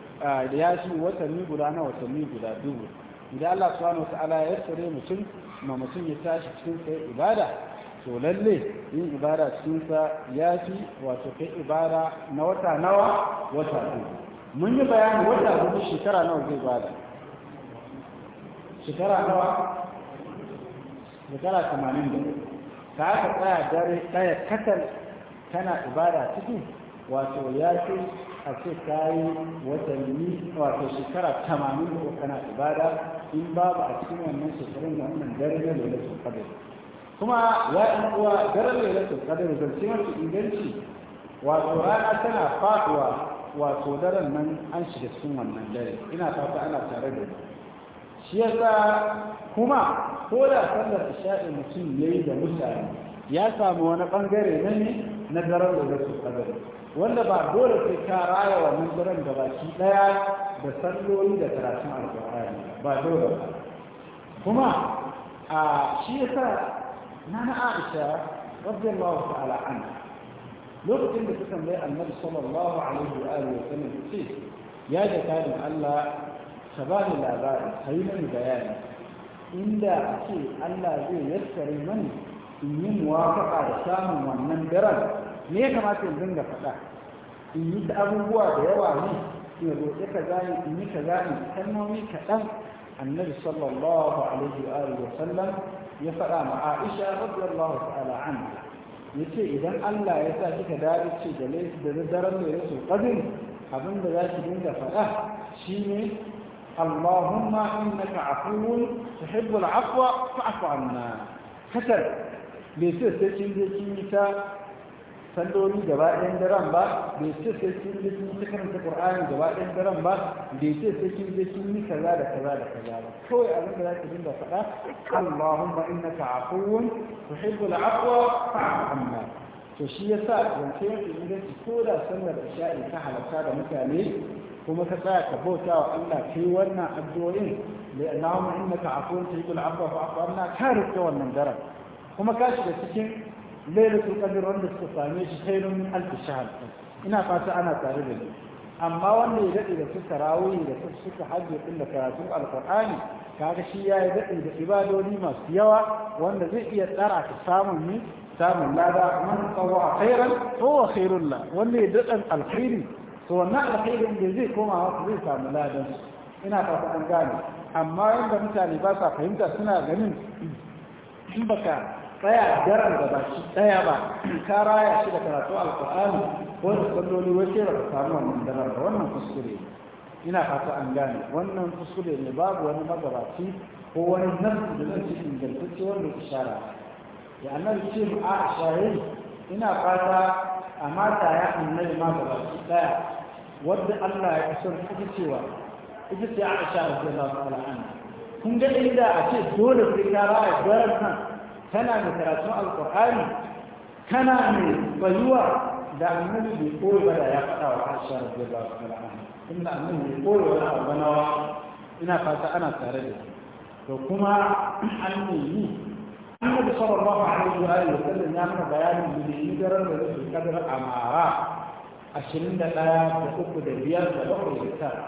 yafi watanni guda na watanni guda dubu idan Allah subhanahu wataala ya tsare mutum kuma mutum ya tashi cikin sai ibada to lalle yin ibada cikin sa fi wato kai ibada na wata nawa wata uku mun yi bayani wata uku shekara nawa zai bada shekara nawa shekara da ta aka tsaya dare tsaya katal kana ibada cikin wato ya fi a ce ta yi watanni wato shekara 80 kana ibada in babu a cikin wannan shekarun da wannan daren da lailatul kadar kuma ya ɗan uwa daren kadar da ci masu inganci wato rana tana faɗuwa wato daren nan an shiga cikin wannan dare ina fata ana tare da ku. shi yasa kuma ko da sallar isha'i mutum ya yi da mutane ya samu wani bangare na ne na daren lailatul kadar wanda ba dole sai ka raya wannan daren da baki daya da salloli da karatun alkur'ani ba dole ba kuma a shi yasa na na aisha radiyallahu ta'ala an lokacin da suka mai annabi sallallahu alaihi wa alihi wa sallam ce ya da karin Allah ka ba ni labarin kai mani bayani inda ce Allah zai yassare mani in yi muwafaka da samun wannan daren me ya kamata in dinga faɗa in yi abubuwa da yawa ne ya roƙi ka zai in yi ka zai kalmomi kaɗan annabi sallallahu alaihi wa alihi wa sallam ya faɗa ma Aisha radiyallahu ta'ala anha yace idan Allah ya sa kika dawo ce da da daren da yake qadin abin da zaki dinga faɗa shine Allahumma innaka afuwun tuhibbul afwa fa'fu anna katar bai sai sai kin je kin yi ta salloli gaba ɗayan daren ba bai ce sai kin je kin ci karanta qur'ani gaba ɗayan daren ba bai ce sai kin je kin yi kaza da kaza da kaza ba kawai abin da zaka dinga faɗa Allahumma innaka afuwun tuhibbul afwa fa'fu anna to shi yasa yanzu yanzu idan ko da sallar isha'i ta halarta da mutane kuma ka tsaya ka bauta wa Allah kai wannan addu'o'in Allahumma innaka afuwun tuhibbul afwa fa'fu anna ka rike wannan daren kuma ka shiga cikin lailatul qadr wanda suka same shi khairun min alf shahr ina fata ana tare da ni amma wanda ya dade da su tarawih da su suka hajji din da karatu alqur'ani kaga shi ya yi dade da ibadoni masu yawa wanda zai iya tsara ta samun ni samun lada man tsawa khairan huwa khairul la wanda ya dadan alkhairi to wannan alkhairin da zai koma wa zai samu ladan ina fata an gane amma yanda mutane ba sa fahimta suna ganin in baka tsaya daren da ba shi tsaya ba ka raya shi da karatu alkur'ani ko da salloli wace ba ka samu wannan daren da wannan kuskure ina fata an gane wannan kuskure ne babu wani magabaci ko wani nasu da zan ci ingantacce wanda ishara ya annabi ce mu a shayin ina fata a mata ya annabi ma gabaci daya wadda Allah ya kusan kuka cewa ita ce a shara da za su kun ga inda a ce dole sai ka raya daren nan tana da karatun alƙur'ani Tana mai bayuwa da annabi bai koyi ba da ya faɗa wa aisha radiyallahu ta'ala anha inda annabi bai koyi wani abu nawa ina fata ana tare da shi to kuma an nemi annabi sallallahu alaihi wa alihi wa sallam ya mana bayanin da ne daren da zai kadar amara 21 da uku da biyar da bakwai da tara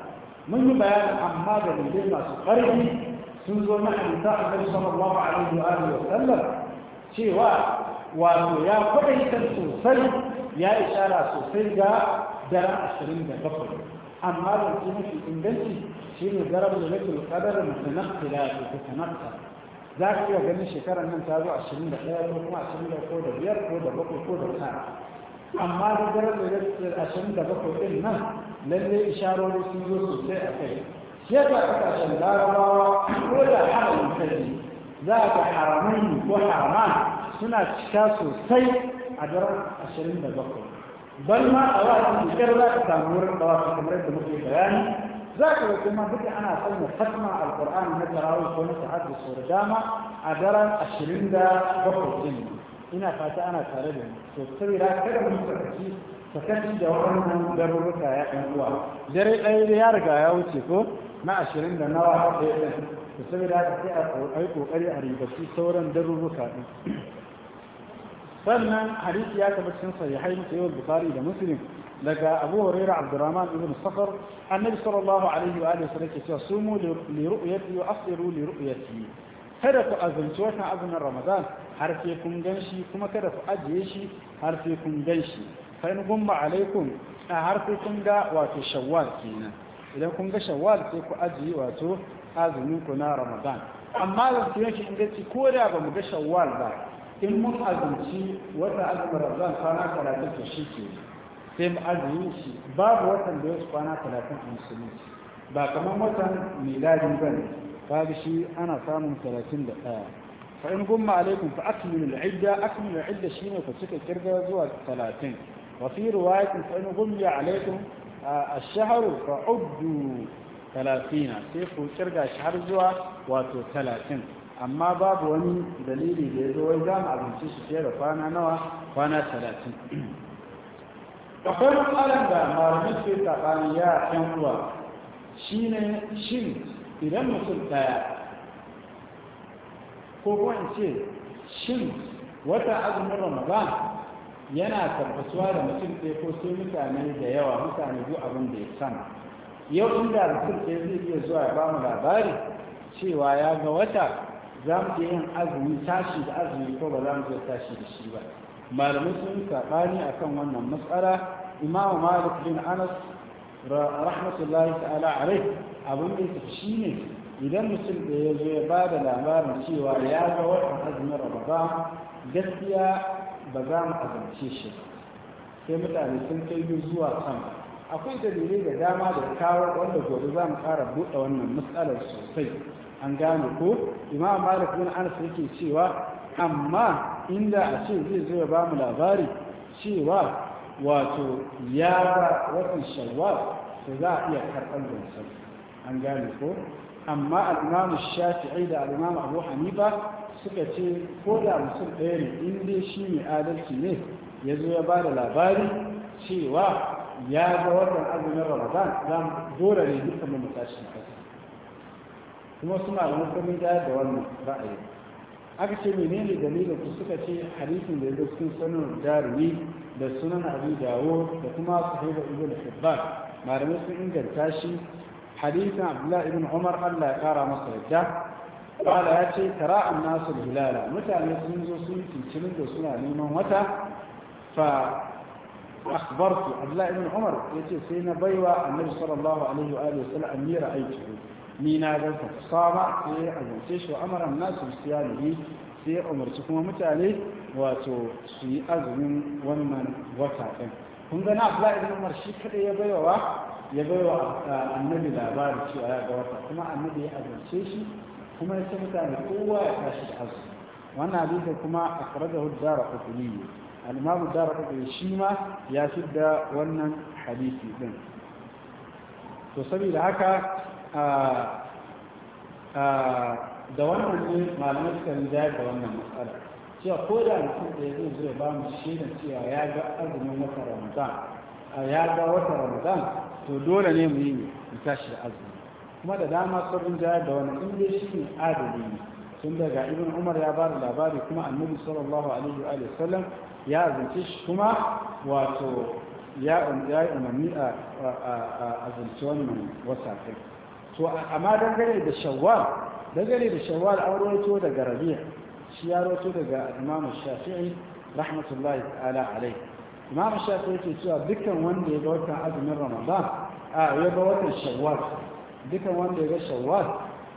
mun yi bayanin amma da dalilai masu ƙarfi تنزل المحل تاخذ النبي صلى الله عليه واله وسلم شيء واحد ويا فقه سوسي يا إشارة سوسي درع الشرين ده بطل أما لو كنا في شيء مجرب لك القدر من خلاله تتنقل ذاك يا جميل شكرا أن أنت أبو الشرين ده لا يقوم الشرين ده كودة بير كودة بطل كودة سعر أما لو جرب لك الشرين ده بطل إلنا للي إشارة لسيجو سوسي shi ya kasashen larabawa ko da haramun kaji za ka haramai ko haraman suna cika sosai a daren ashirin da bakwai bal ma a wasu cikin za ka samu wurin da wasu kamar yadda muke bayani za ka wasu ma duka ana sanya fatma alkur'ani na tarawih ko na ta'ad da dama a daren ashirin da bakwai ɗin ina fata ana tare da mu to saboda kada mu tsarki sakaci da wannan garuruka ya ɗan uwa dare ɗaya ya riga ya wuce ko na ashirin da nawa ɗaya ɗin da saboda haka sai a yi ƙoƙari a ribaci sauran darurruka ɗin sannan hadisi ya taɓa cikin sahihai na sayyid bukhari da muslim daga abu hurairah abdurrahman ibn safar annabi sallallahu alaihi wa alihi sallam ke cewa sumu li ru'yati wa asiru li ru'yati kada ku azumci wata azumin ramadan har sai kun ganshi kuma kada ku ajiye shi har sai kun ganshi fa in gumma alaikum har sai kun ga wato shawwal kenan idan kun ga shawwal sai ku ajiye wato azumin ku na ramadan amma da su yake inda ci ko da ba mu ga shawwal ba in mun azumci wata azumin ramadan kwana talatin to shi ke sai mu ajiye shi babu watan da ya kwana talatin a musulunci ba kamar watan miladin ba ne babu shi ana samun talatin da ɗaya fa in gumma alaikum fa akmilu al-idda akmilu al-idda shine ku cika kirga zuwa talatin wa fi riwayatin fa in gumma alaikum a shaharu fa uddu talatina sai ku kirga shi wato talatin amma babu wani dalili da ya zo wai za mu abinci shi sai da kwana nawa kwana talatin akwai matsalar da malamai ke tsakani ya yan uwa shine shin idan mutum ɗaya ko kuma ce shin wata azumin ramadan yana tabbatuwa da mutum ɗaya ko sai mutane da yawa mutane duk abin da ya sana yau inda mutum ɗaya zai iya zuwa ya bamu labari cewa ya ga wata za mu iya yin azumi tashi da azumi ko ba za mu iya tashi da shi ba malamai sun yi saɓani a kan wannan matsala imamu malik bin anas rahmatullahi ta'ala a rai, abin da ya shi ne idan mutum ɗaya ya zo ya ba da labarin cewa ya ga wata azumin ramadan gaskiya ba za mu azance shi sai mutane sun kai biyu zuwa kan akwai dalilai da dama da kawo wanda gobe za mu ƙara buɗe wannan matsalar sosai an gane ko imam malik bin anas yake cewa amma inda a ce zai zo ya ba mu labari cewa wato ya ba watan shawwal to za a iya karɓar zancen an gane ko amma al'imamu shafi'i da al'imamu abu hanifa suka ce ko da mutum ɗaya ne in dai shi mai adalci ne ya zo ya ba da labari cewa ya ga wannan azumin ramadan za mu dora ne duka mu kasa kuma suna da mutumin da da wannan ra'ayi aka ce menene dalilin ku suka ce hadisin da ya cikin sunan jarumi da sunan abu dawo da kuma su sahiba ibn hibban malamai sun inganta shi hadisin abdullahi ibn umar allah ya kara masa yadda ƙwada ya ce tara'an nasu hilala mutane sun zo sun cincinin da suna neman wata fa akhbartu abdullahi ibn umar ya ce sai na baiwa annabi sallallahu alaihi wa alihi wasallam ni ra'aytu ni na ga ta sama sai azance shi amara nasu siyalihi sai ya umarci kuma mutane wato su yi azumin wannan wata ɗin. kun ga na abdullahi ibn umar shi kadai ya baiwa ya baiwa ah, annabi labarin cewa ya ga wata kuma annabi ya azance shi kuma ya ce mutane kowa ya tashi da azumi wannan hadisin kuma akhrajahu ad-darqutni al-imam ad-darqutni shi ma ya shidda wannan hadisi din to saboda haka da wannan ne malamai suka rinja da wannan matsala cewa ko da mutum ɗaya zai zo ya ba mu cewa ya ga azumin wata ramadan ya ga wata ramadan to dole ne mu yi mu tashi da azumi kuma da dama sun rinjaya da wani inda shi ne adali ne tun daga ibn umar ya ba da labari kuma annabi sallallahu alaihi wa sallam ya zance shi kuma wato ya yi umarni a zance wannan wasa kai to amma dangane da shawwal dangane da shawwal an rawaito daga rabi'a shi ya rawaito daga imam shafi'i rahmatullahi ta'ala alaihi imam shafi'i yake cewa dukkan wanda ya ga wata azumin ramadan a ya ga wata shawwal dukan wanda ya ga shawwal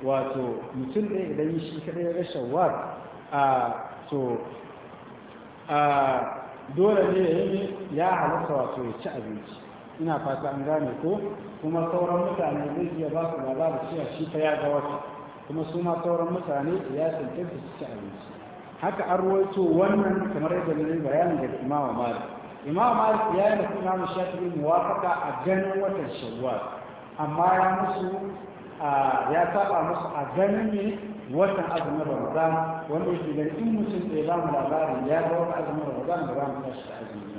wato mutum ɗaya idan yi shi kaɗai ya ga shawwal a to a dole ne ya yi ya halatta wato ya ci abinci ina fata an gane ko kuma sauran mutane zai iya ba su labari cewa shi ta ya wata kuma su ma sauran mutane ya tantance su ci abinci haka an ruwaito wannan kamar yadda ne bayanin daga imama malik imama malik ya yi da kuma shafi muwafaka a ganin watan shawwal amma ya musu ya saba musu a ganin ne watan azumin ramadan wanda yake da in mutum ɗaya ba mu labarin ya ga wata azumin ramadan da za mu tashi da azumi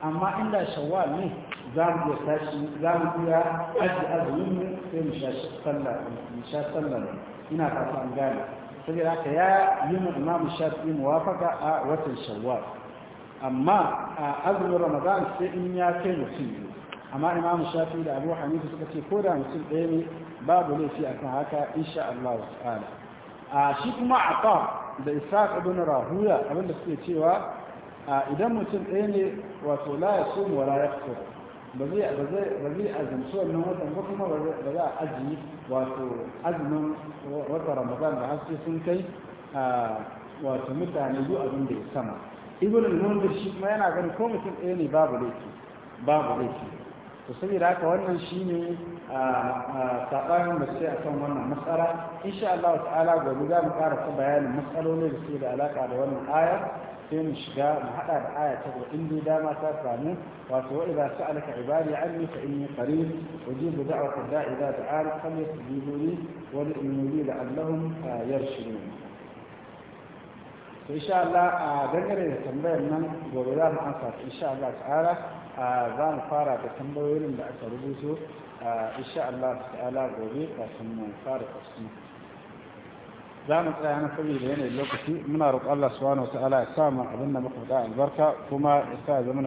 amma inda shawwal ne za mu iya tashi za mu iya aji azumin mu sai mu sha sallah mu sha sallar ina fata an gane saboda haka ya yi mu imam shafi muwafaka a watan shawwal amma a azumin ramadan sai in ya kai mutum amma Imam shafi da abu hanifa suka ce ko da mutum ɗaya ne babu laifi a kan haka insha Allah ta'ala a shi kuma a aqa da isaq ibn rahuya abinda suke cewa idan mutum ɗaya ne wato la mu wala yaftur ba zai ba zai ba zai azumci wannan watan ba kuma ba za a aji wato azumin wata ramadan da haske sun kai wato mutane zu abin da ya sama ibn al-mundir shi kuma yana ganin ko mutum ɗaya ne babu laifi babu laifi to saboda haka wannan shine saɓanin da sai a kan wannan matsala insha Allah ta'ala gobe za mu ƙara bayanin matsalolin da suke da alaƙa da wannan aya sai mu shiga mu haɗa da aya ta in dai dama ta samu wato wa idza sa'alaka ibadi anni fa inni qarib ujibu da'wata da'i idza da'an falyastajibu li wa yu'minu bi la'allahum yarshudun to insha Allah a dangane da tambayar nan gobe za mu amsa insha Allah ta'ala za mu fara da tambayoyin da aka rubuto isha Allah ta'ala gobe kafin mu fara tafsiri za mu tsaya na da yanayin lokaci muna roƙon Allah subhanahu wa ta'ala ya sa mu abin da muka faɗa albarka kuma ya sa zama